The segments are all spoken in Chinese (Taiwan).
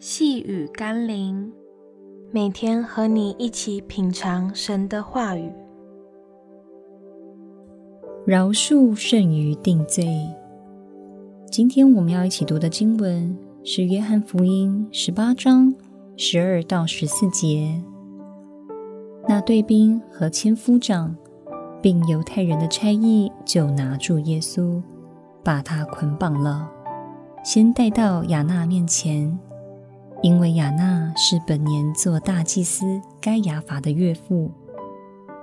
細語甘霖，每天和你一起品嘗神的話語。饒恕勝於定罪。今天我們要一起讀的經文是《約翰福音》十八章十二到十四節。那隊兵和千夫長，並猶太人的差役就拿住耶穌，把他捆綁了，先帶到亞那面前。因為亞那是本年做大祭司該亞法的岳父，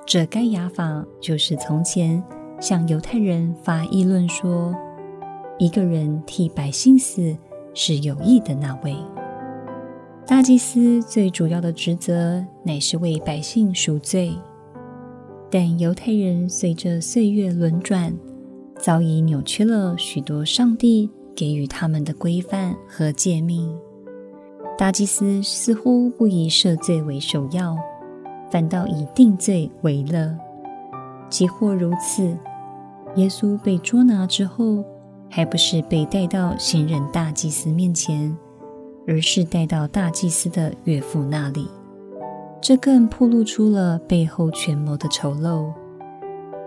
這該亞法就是從前向猶太人發議論說，一個人替百姓死是有益的那位。大祭司最主要的職責乃是為百姓贖罪，但猶太人隨着歲月輪轉，早已扭曲了許多上帝給予他們的規範和誡命。大祭司似乎不以赦罪為首要，反倒以定罪為樂。即或如此，耶穌被捉拿之後，還不是被帶到現任大祭司面前，而是帶到大祭司的岳父那裡。這更暴露出了背後權謀的醜陋。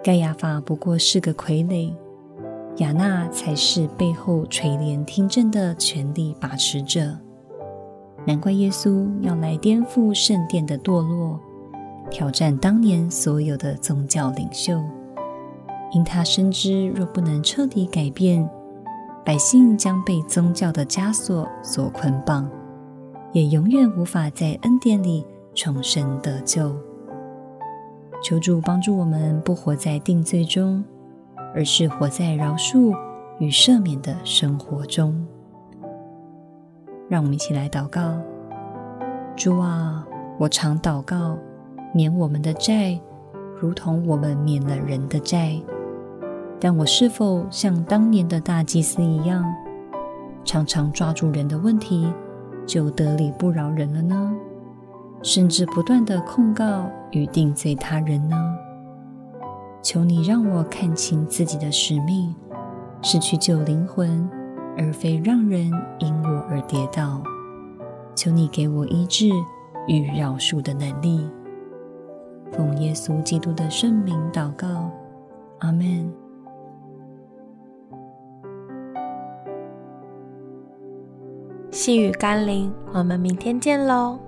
該亞法不過是個傀儡，亞那才是背後垂簾聽政的權力把持者。難怪耶穌要來顛覆聖殿的墮落，挑戰當年所有的宗教領袖，因他深知若不能徹底改變，百姓將被宗教的枷鎖所捆綁，也永遠無法在恩典裡重生得救。求主幫助我們，不活在定罪中，而是活在饒恕與赦免的生活中。讓我們一起來禱告。主啊，我常禱告免我們的債，如同我們免了人的債。但我是否像當年的大祭司一樣，常常抓住人的問題就得理不饒人了呢？甚至不斷地控告與定罪他人呢？求你讓我看清自己的使命，是去救靈魂。而非讓人因我而跌倒。求你給我醫治與饒恕的能力。奉耶穌基督的聖名禱告，阿們。細語甘霖，我們明天見嘍。